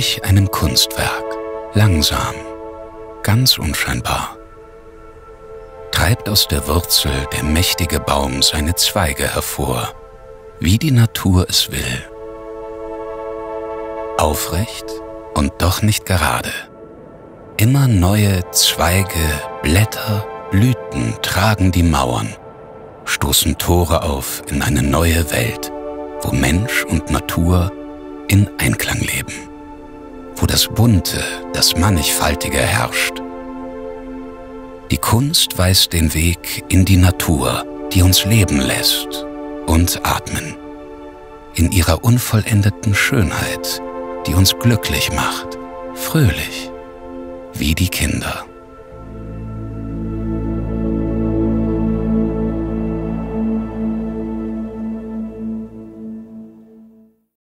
gleich einem Kunstwerk, langsam, ganz unscheinbar, treibt aus der Wurzel der mächtige Baum seine Zweige hervor, wie die Natur es will. Aufrecht und doch nicht gerade. Immer neue Zweige, Blätter, Blüten tragen die Mauern, stoßen Tore auf in eine neue Welt, wo Mensch und Natur in Einklang leben das Bunte, das Mannigfaltige herrscht. Die Kunst weist den Weg in die Natur, die uns leben lässt und atmen. In ihrer unvollendeten Schönheit, die uns glücklich macht, fröhlich, wie die Kinder.